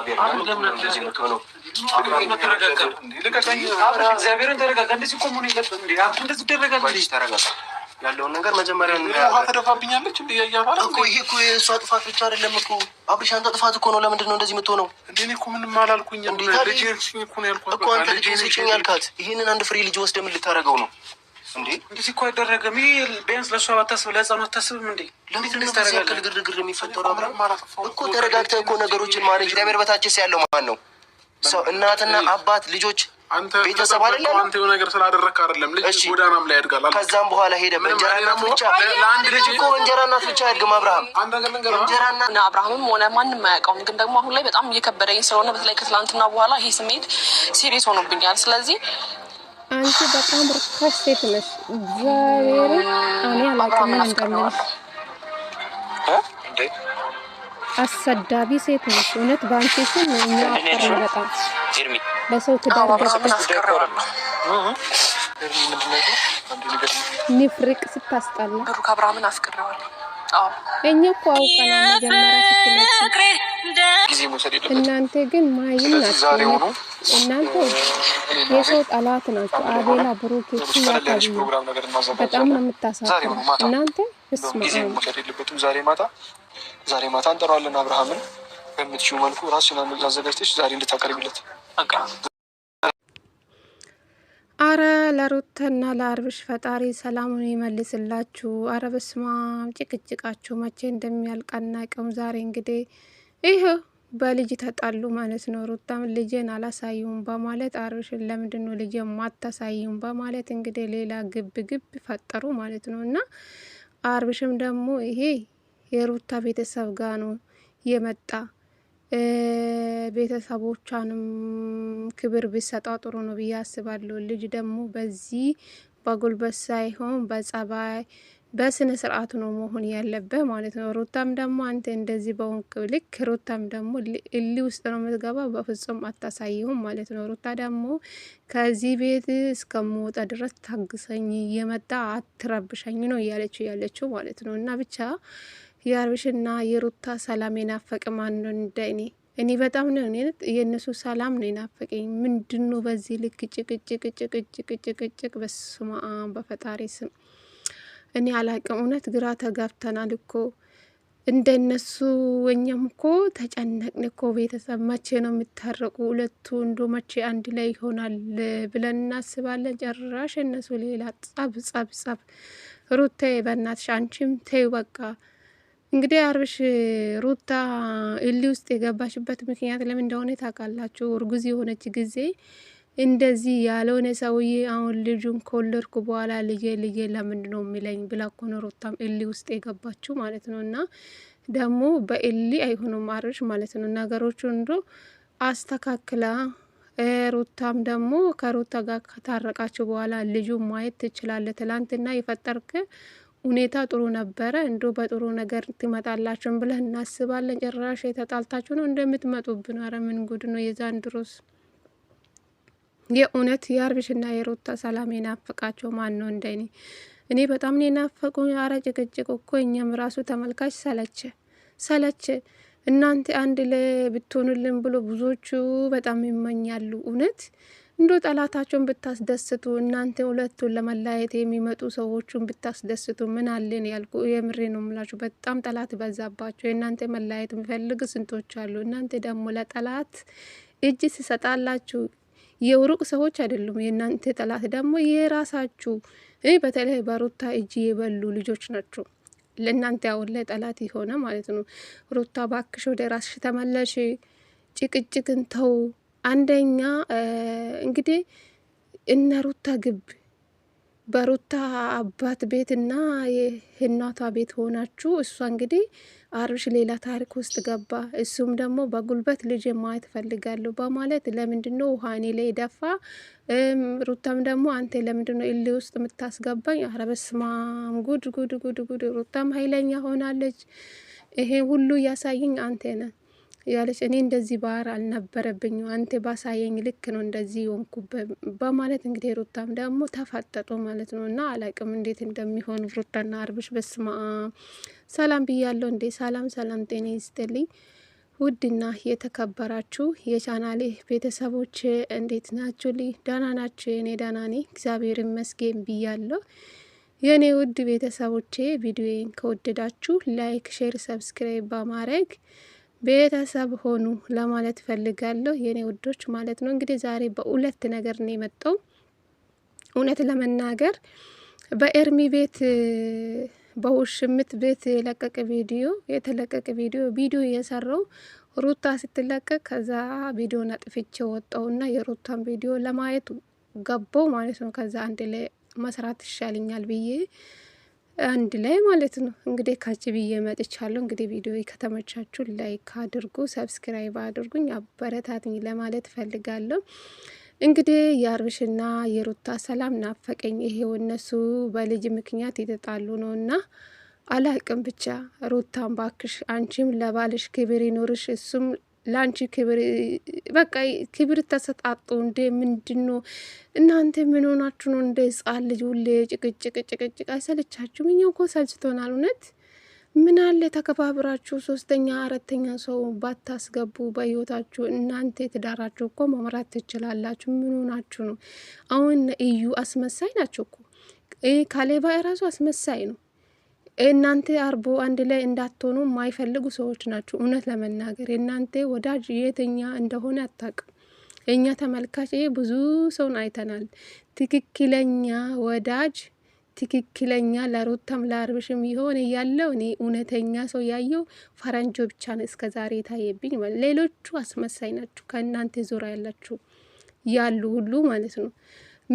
እግዚአብሔር ያለውን ነገር መጀመሪያ ውሃ ተደፋብኛለች ጥፋት ብቻ አይደለም እኮ አብርሽ፣ አንተ ጥፋት እኮ ነው። ለምንድን ነው እንደዚህ የምትሆነው? እኔ እኮ ምንም አላልኩኝም እኮ አንተ ልጅ ስጭኝ ያልካት ይህንን አንድ ፍሬ ልጅ ወስደህ ምን ልታደርገው ነው? እንዴ እንደዚህ እኮ አይደረግም። ይህ ቢያንስ ለእሷ ባታስብ ለህፃኑ አታስብም እንዴ? ለምን እንደዚህ ያክል ግርግር የሚፈጠረው እኮ ተረጋግተ እኮ ነገሮችን ማኔጅ እግዚአብሔር በታችስ ያለው ማን ነው? ሰው እናትና አባት ልጆች ቤተሰብ አይደለም። የሆነ ነገር ስላደረግክ አይደለም ልጅ ጎዳናም ላይ ያድጋል። ከዛም በኋላ ሄደ በእንጀራ እናት ብቻ ለአንድ ልጅ እኮ እንጀራ እናት ብቻ አያድግም። አብርሃም እንጀራ እና አብርሃምም ሆነ ማንም አያውቀውም። ግን ደግሞ አሁን ላይ በጣም እየከበደኝ ስለሆነ በተለይ ከትላንትና በኋላ ይሄ ስሜት ሲሪየስ ሆኖብኛል። ስለዚህ አንቺ በጣም ርካሽ ሴት ነሽ። እግዚአብሔር እኔ አላውቅም እንደምልሽ አሰዳቢ ሴት ነሽ። እውነት በአንቺ ስም እኛ አፈርን። በጣም በሰው ትዳር ንፍርቅ እናንተ ግን ማይም ናቸው። እናንተ የሰው ጠላት ናቸው። አቤላ ብሩክ በጣም ነው እናንተ ዛሬ ማታ እንጠራዋለን አብርሃምን በምትችው መልኩ ራሱን አዘጋጅተች ዛሬ እንድታቀርብለት አረ ለሩታና ለአብርሽ ፈጣሪ ሰላሙን ይመልስላችሁ። አረ በስመ አብ ጭቅጭቃችሁ መቼ እንደሚያልቅ አናውቅም። ዛሬ እንግዲህ ይህ በልጅ ተጣሉ ማለት ነው። ሩታም ልጅን አላሳዩም በማለት አብርሽን ለምንድነው ልጅ ማታሳዩም በማለት እንግዲህ ሌላ ግብ ግብ ፈጠሩ ማለት ነው እና አብርሽም ደግሞ ይሄ የሩታ ቤተሰብ ጋ ነው የመጣ ቤተሰቦቿንም ክብር ቢሰጣ ጥሩ ነው ብዬ አስባለሁ። ልጅ ደግሞ በዚህ በጉልበት ሳይሆን በጸባይ በስነ ስርዓቱ ነው መሆን ያለበት ማለት ነው። ሩታም ደግሞ አንተ እንደዚህ በወንቅ ልክ ሩታም ደግሞ እሊ ውስጥ ነው የምትገባ፣ በፍጹም አታሳይሁም ማለት ነው። ሩታ ደግሞ ከዚህ ቤት እስከምወጣ ድረስ ታግሰኝ፣ እየመጣ አትረብሸኝ ነው እያለችው ያለችው ማለት ነው እና ብቻ የአብርሽና የሩታ ሰላም የናፈቀ ማን ነው እንደ እኔ? እኔ በጣም ነው የእነሱ ሰላም ነው የናፈቀኝ። ምንድን በዚህ ልክ ጭቅጭቅጭቅጭቅጭቅጭቅ? በስመ አብ በፈጣሪ ስም እኔ አላቅም። እውነት ግራ ተጋብተናል እኮ እንደ እነሱ ወኛም እኮ ተጨነቅን እኮ ቤተሰብ መቼ ነው የምታረቁ? ሁለቱ እንዶ መቼ አንድ ላይ ይሆናል ብለን እናስባለን። ጨራሽ እነሱ ሌላ ጸብ ጸብ ጸብ። ሩቴ በእናትሽ አንቺም ተይ በቃ እንግዲህ አብርሽ ሩታ እሊ ውስጥ የገባሽበት ምክንያት ለምን እንደሆነ ታውቃላችሁ። እርጉዝ የሆነች ጊዜ እንደዚህ ያለሆነ ሰውዬ አሁን ልጁን ከወለድኩ በኋላ ልጄ ልጄ ለምንድ ነው የሚለኝ ብላ እኮ ነው ሩታም እሊ ውስጥ የገባችሁ ማለት ነው። እና ደግሞ በእሊ አይሆኑም አብርሽ ማለት ነው ነገሮቹ እንዶ አስተካክላ ሩታም ደግሞ ከሩታ ጋር ከታረቃችሁ በኋላ ልጁ ማየት ትችላለ። ትላንትና የፈጠርክ ሁኔታ ጥሩ ነበረ። እንዶ በጥሩ ነገር ትመጣላችሁን ብለን እናስባለን። ጭራሽ የተጣልታችሁ ነው እንደምትመጡብን። አረ ምን ጉድ ነው የዛንድሮስ! የእውነት የአብርሽና የሩታ ሰላም የናፈቃቸው ማን ነው እንደኔ? እኔ በጣም ነው የናፈቁ። አረ ጭቅጭቅ እኮ እኛም ራሱ ተመልካች ሰለቸ ሰለቸ። እናንተ አንድ ላይ ብትሆኑልን ብሎ ብዙዎቹ በጣም ይመኛሉ እውነት እንዶ ጠላታቸውን ብታስደስቱ እናንተ ሁለቱን ለመለያየት የሚመጡ ሰዎቹን ብታስደስቱ ምን አለን ያልኩ የምሬ ነው የምላችሁ። በጣም ጠላት በዛባቸው። የእናንተ መለያየት የሚፈልግ ስንቶች አሉ። እናንተ ደግሞ ለጠላት እጅ ስሰጣላችሁ የሩቅ ሰዎች አይደሉም። የእናንተ ጠላት ደግሞ የራሳችሁ በተለይ በሩታ እጅ የበሉ ልጆች ናቸው። ለእናንተ አሁን ላይ ጠላት የሆነ ማለት ነው። ሩታ ባክሽ ወደ ራስሽ ተመለሽ፣ ጭቅጭቅን ተው። አንደኛ እንግዲህ እነ ሩታ ግብ በሩታ አባት ቤት እና የህናቷ ቤት ሆናችሁ እሷ እንግዲህ አብርሽ ሌላ ታሪክ ውስጥ ገባ። እሱም ደግሞ በጉልበት ልጅ ማየት ፈልጋለሁ በማለት ለምንድነው ነው ውሃ እኔ ላይ ደፋ። ሩታም ደግሞ አንተ ለምንድነው እል ውስጥ የምታስገባኝ? ኧረ በስመ አብ ጉድ ጉድ ጉድ ጉድ! ሩታም ኃይለኛ ሆናለች። ይሄ ሁሉ እያሳየኝ አንተ ነህ። ያለች እኔ እንደዚህ ባህር አልነበረብኝ አንተ ባሳየኝ ልክ ነው እንደዚህ ሆንኩ በማለት እንግዲህ ሩታም ደግሞ ተፈጠጦ ማለት ነው። እና አላቅም እንዴት እንደሚሆን ሩታና አርብሽ በስማ ሰላም ብያለሁ እንዴ! ሰላም ሰላም፣ ጤና ይስጥልኝ ውድና የተከበራችሁ የቻናሌ ቤተሰቦች እንዴት ናችሁ? ልኝ ደህና ናችሁ? የኔ ደህና ነኝ እግዚአብሔር ይመስገን ብያለሁ። የእኔ ውድ ቤተሰቦቼ ቪዲዮዬን ከወደዳችሁ ላይክ፣ ሼር፣ ሰብስክራይብ በማድረግ ቤተሰብ ሆኑ ለማለት ፈልጋለሁ የኔ ውዶች ማለት ነው። እንግዲህ ዛሬ በሁለት ነገር ነው የመጣው። እውነት ለመናገር በኤርሚ ቤት በውሽምት ቤት የለቀቀ ቪዲዮ የተለቀቀ ቪዲዮ ቪዲዮ የሰራው ሩታ ስትለቀቅ ከዛ ቪዲዮን አጥፍቼ ወጣውና የሩታን ቪዲዮ ለማየት ገባው ማለት ነው። ከዛ አንድ ላይ መስራት ይሻልኛል ብዬ አንድ ላይ ማለት ነው። እንግዲህ ካች ብዬ መጥቻለሁ። እንግዲህ ቪዲዮ ከተመቻችሁ ላይክ አድርጉ፣ ሰብስክራይብ አድርጉኝ፣ አበረታትኝ ለማለት ፈልጋለሁ። እንግዲህ የአብርሽና የሩታ ሰላም ናፈቀኝ። ይሄው እነሱ በልጅ ምክንያት የተጣሉ ነው እና አላቅም ብቻ ሩታን ባክሽ አንቺም ለባልሽ ክብር ይኖርሽ እሱም ለአንቺ ክብር በቃ ክብር ተሰጣጡ እንዴ? ምንድን ነው እናንተ? ምን ሆናችሁ ነው እንደ ህጻን ልጅ ሁሌ ጭቅጭቅ ጭቅጭቅ አይሰለቻችሁም? እኛ እኮ ሰልችቶናል። እውነት ምን አለ ተከባብራችሁ ሶስተኛ አራተኛ ሰው ባታስገቡ በህይወታችሁ። እናንተ ትዳራችሁ እኮ መምራት ትችላላችሁ። ምን ሆናችሁ ነው አሁን? እዩ አስመሳይ ናቸው እኮ ካሌባ ራሱ አስመሳይ ነው። እናንተ አርቦ አንድ ላይ እንዳትሆኑ የማይፈልጉ ሰዎች ናቸው። እውነት ለመናገር እናንተ ወዳጅ የትኛ እንደሆነ አታቅም። እኛ ተመልካች ይሄ ብዙ ሰውን አይተናል። ትክክለኛ ወዳጅ ትክክለኛ ለሩታም ለአብርሽም ይሆን ያለው እኔ እውነተኛ ሰው ያየው ፈረንጆ ብቻ ነው እስከ ዛሬ የታየብኝ። ማለት ሌሎቹ አስመሳይ ናችሁ፣ ከእናንተ ዙራ ያላችሁ ያሉ ሁሉ ማለት ነው።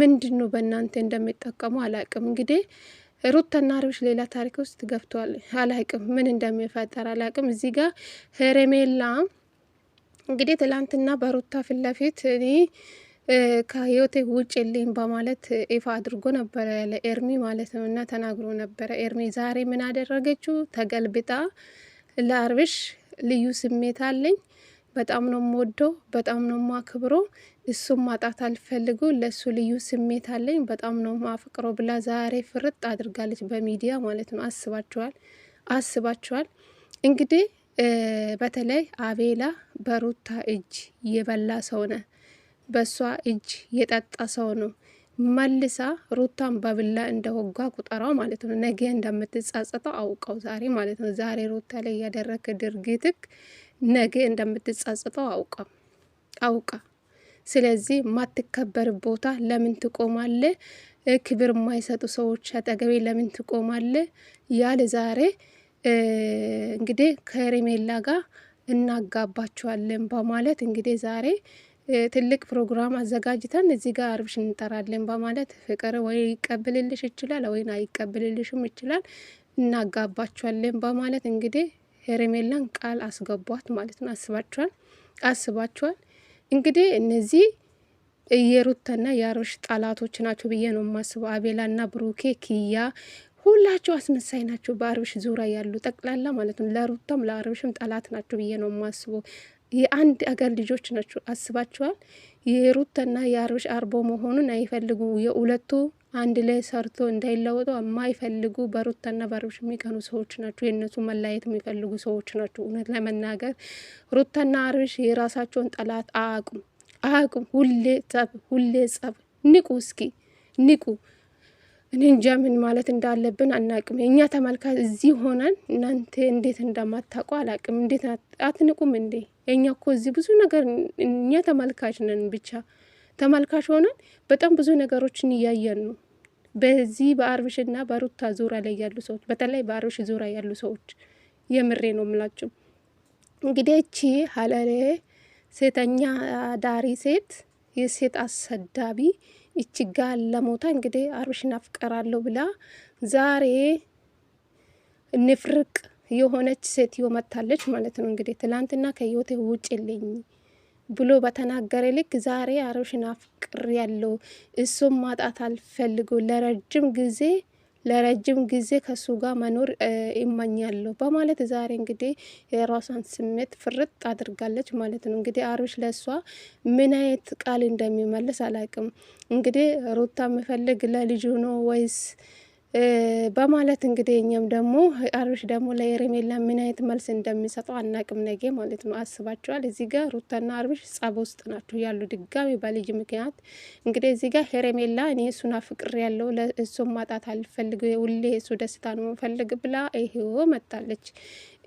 ምንድን ነው በእናንተ እንደሚጠቀሙ አላቅም እንግዲህ ሩታና አብርሽ ሌላ ታሪክ ውስጥ ገብቷል። አላቅም ምን እንደሚፈጠር አላቅም። እዚህ ጋር ሄርሜላ እንግዲህ ትላንትና በሩታ ፊት ለፊት እኔ ከህይወቴ ውጭ ልኝ በማለት ይፋ አድርጎ ነበረ፣ ያለ ኤርሚ ማለት ነው እና ተናግሮ ነበረ። ኤርሚ ዛሬ ምን አደረገችው? ተገልብጣ ለአብርሽ ልዩ ስሜት አለኝ በጣም ነው የምወደው፣ በጣም ነው የማክብረው። እሱም ማጣት አልፈልጉ ለእሱ ልዩ ስሜት አለኝ፣ በጣም ነው ማፍቅረው ብላ ዛሬ ፍርጥ አድርጋለች በሚዲያ ማለት ነው። አስባችኋል አስባችኋል እንግዲህ በተለይ አቤላ በሩታ እጅ የበላ ሰው ነ በእሷ እጅ የጠጣ ሰው ነው። መልሳ ሩታን በብላ እንደወጋ ቁጠራው ማለት ነው። ነገ እንደምትጻጸተው አውቀው ዛሬ ማለት ነው። ዛሬ ሩታ ላይ ያደረገ ድርጊትክ ነገ እንደምትጻጽፈው አውቃ አውቃ ስለዚህ ማትከበር ቦታ ለምን ትቆማለ? ክብር የማይሰጡ ሰዎች አጠገቤ ለምን ትቆማለ? ያለ ዛሬ እንግዲህ ከሬሜላ ጋር እናጋባቸዋለን በማለት እንግዲህ ዛሬ ትልቅ ፕሮግራም አዘጋጅተን እዚህ ጋር አብርሽ እንጠራለን በማለት ፍቅር ወይ ይቀብልልሽ ይችላል ወይን አይቀብልልሽም ይችላል እናጋባቸዋለን በማለት እንግዲህ ሄርሜላን ቃል አስገቧት ማለት ነው። አስባችኋል አስባችኋል። እንግዲህ እነዚህ የሩታና የአብርሽ ጠላቶች ናቸው ብዬ ነው የማስበው። አቤላና ብሩኬ፣ ኪያ ሁላቸው አስመሳይ ናቸው። በአብርሽ ዙሪያ ያሉ ጠቅላላ ማለት ነው። ለሩታም ለአብርሽም ጠላት ናቸው ብዬ ነው የማስበው። የአንድ አገር ልጆች ናቸው። አስባችኋል። የሩታና የአብርሽ አርቦ መሆኑን አይፈልጉ የሁለቱ አንድ ላይ ሰርቶ እንዳይለወጡ የማይፈልጉ በሩታና በአብርሽ የሚቀኑ ሰዎች ናቸው። የእነሱ መለያየት የሚፈልጉ ሰዎች ናቸው። እውነት ለመናገር ሩታና አብርሽ የራሳቸውን ጠላት አያውቁም አያውቁም። ሁሌ ጸብ፣ ሁሌ ጸብ። ንቁ እስኪ ንቁ። እኔ እንጃ ምን ማለት እንዳለብን አናቅም። እኛ ተመልካች እዚህ ሆነን እናንተ እንዴት እንደማታውቁ አላቅም። እንዴት አትንቁም እንዴ? እኛ እኮ እዚህ ብዙ ነገር እኛ ተመልካች ነን ብቻ ተመልካች ሆነን በጣም ብዙ ነገሮችን እያየን ነው። በዚህ በአብርሽና በሩታ ዙሪያ ላይ ያሉ ሰዎች፣ በተለይ በአብርሽ ዙሪያ ያሉ ሰዎች የምሬ ነው የምላቸው። እንግዲህ እቺ ሀለሌ ሴተኛ ዳሪ ሴት የሴት አሰዳቢ እቺ ለሞታ እንግዲህ አብርሽን አፍቀራለሁ ብላ ዛሬ ንፍርቅ የሆነች ሴትዮ መታለች ማለት ነው። እንግዲህ ትላንትና ከህይወቴ ውጭ ልኝ ብሎ በተናገረ ልክ ዛሬ አብርሽን አፍቅር ያለው እሱም ማጣት አልፈልጉ ለረጅም ጊዜ ለረጅም ጊዜ ከሱ ጋር መኖር ይመኛለሁ በማለት ዛሬ እንግዲህ የራሷን ስሜት ፍርጥ አድርጋለች ማለት ነው። እንግዲህ አብርሽ ለእሷ ምን አይነት ቃል እንደሚመልስ አላቅም። እንግዲህ ሩታ የምፈልግ ለልጁ ነው ወይስ በማለት እንግዲህ እኛም ደግሞ አብርሽ ደግሞ ለሄርሜላ ምን አይነት መልስ እንደሚሰጠው አናቅም። ነገ ማለት ነው አስባችኋል። እዚህ ጋር ሩታና አብርሽ ጸብ ውስጥ ናቸው ያሉ ድጋሚ በልጅ ምክንያት እንግዲህ እዚህ ጋር ሄርሜላ እኔ እሱን አፍቅር ያለው ለእሱን ማጣት አልፈልግ፣ ሁሌ እሱ ደስታ ነው የምፈልግ ብላ ይሄው መጣለች።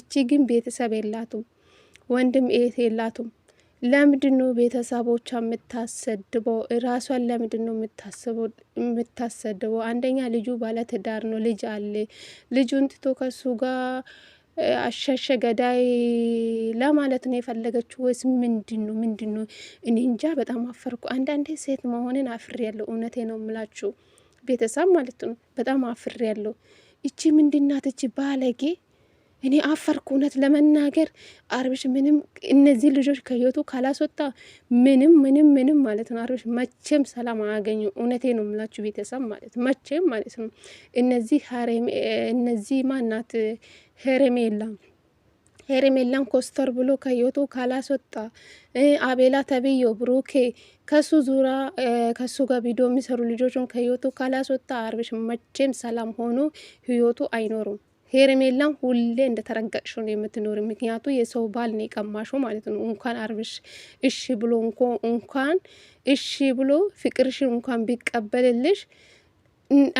እቺ ግን ቤተሰብ የላቱም፣ ወንድም እህት የላቱም። ለምንድን ነው ቤተሰቦቿ የምታሰድበው? ራሷን ለምንድን ነው የምታሰድበው? አንደኛ ልጁ ባለትዳር ነው፣ ልጅ አለ። ልጁን ትቶ ከሱ ጋር አሻሸ ገዳይ ለማለት ነው የፈለገችው ወይስ ምንድን ነው? ምንድን ነው? እኔ እንጃ። በጣም አፈርኩ። አንዳንዴ ሴት መሆንን አፍሬ ያለው እውነቴ ነው የምላችሁ ቤተሰብ ማለት ነው። በጣም አፍሬ ያለው እቺ ምንድናት? እቺ ባለጌ እኔ አፈርኩ። እውነት ለመናገር አብርሽ ምንም እነዚህ ልጆች ከህይወቱ ካላስወጣ ምንም ምንም ምንም ማለት ነው አብርሽ መቼም ሰላም አያገኙ። እውነቴ ነው የምላችሁ ቤተሰብ ማለት መቼም ማለት ነው እነዚህ እነዚህ ማናት ሄሬሜላ ሄሬሜላን ኮስተር ብሎ ከህይወቱ ካላስወጣ አቤላ ተብዮ ብሩኬ ከሱ ዙራ ከሱ ጋር ቪዲዮ የሚሰሩ ልጆችን ከህይወቱ ካላስወጣ አብርሽ መቼም ሰላም ሆኖ ህይወቱ አይኖሩም። ሄርሜላም ሁሌ እንደተረገጥሽ ነው የምትኖር። ምክንያቱ የሰው ባል ነው የቀማሽው ማለት ነው። እንኳን አርብሽ እሺ ብሎ እንኮ እንኳን እሺ ብሎ ፍቅርሽን እንኳን ቢቀበልልሽ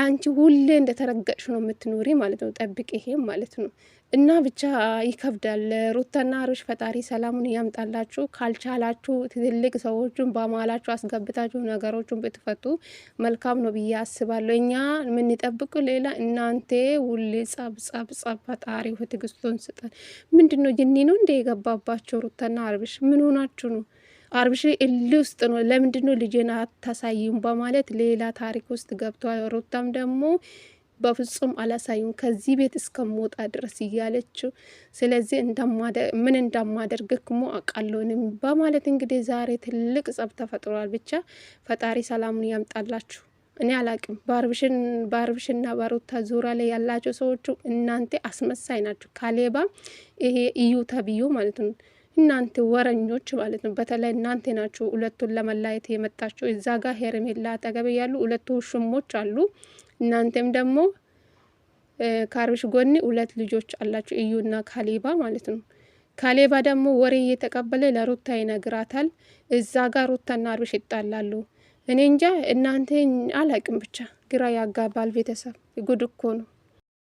አንቺ ሁሌ እንደተረገጥሽ ነው የምትኖሪ ማለት ነው። ጠብቅ ይሄም ማለት ነው። እና ብቻ ይከብዳል። ሩታና አብርሽ ፈጣሪ ሰላሙን ያምጣላችሁ። ካልቻላችሁ ትልልቅ ሰዎችን በማላችሁ አስገብታችሁ ነገሮችን ብትፈቱ መልካም ነው ብዬ አስባለሁ። እኛ የምንጠብቅ ሌላ እናንተ ውል ጸብ ጸብ ጸብ። ፈጣሪ ትግስቱን ስጠን። ምንድን ነው ጅኒ ነው እንደ የገባባቸው? ሩታና አብርሽ ምን ሆናችሁ ነው? አብርሽ እልህ ውስጥ ነው። ለምንድን ነው አታሳይም በማለት ሌላ ታሪክ ውስጥ ገብቷል። ሩታም ደግሞ በፍጹም አላሳዩም ከዚህ ቤት እስከምወጣ ድረስ እያለችው፣ ስለዚህ ምን እንደማደርግ ክሞ አቃለንም በማለት እንግዲህ ዛሬ ትልቅ ጸብ ተፈጥሯል። ብቻ ፈጣሪ ሰላሙን ያምጣላችሁ። እኔ አላቅም። በአብርሽና በሩታ ዙሪያ ላይ ያላቸው ሰዎቹ እናንተ አስመሳይ ናችሁ። ካሌባ ይሄ እዩ ተብዩ ማለት ነው። እናንተ ወረኞች ማለት ነው። በተለይ እናንተ ናችሁ ሁለቱን ለመላየት የመጣችሁ። እዛ ጋር ሄርሜላ አጠገብ ያሉ ሁለቱ ሹሞች አሉ። እናንተም ደግሞ ከአብርሽ ጎን ሁለት ልጆች አላችሁ እዩና ካሌባ ማለት ነው። ካሌባ ደግሞ ወሬ እየተቀበለ ለሩታ ይነግራታል። እዛ ጋር ሩታና አብርሽ ይጣላሉ። እኔ እንጃ እናንተ አላቅም፣ ብቻ ግራ ያጋባል። ቤተሰብ ጉድ እኮ ነው።